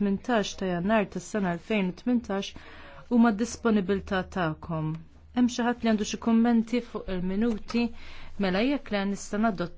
18 ta' jannar tas sena 2018 huma disponibilità tagħkom. Hemm xi ħadd li għandu xi kummenti fuq il-minuti mela jekk le nista' nadotta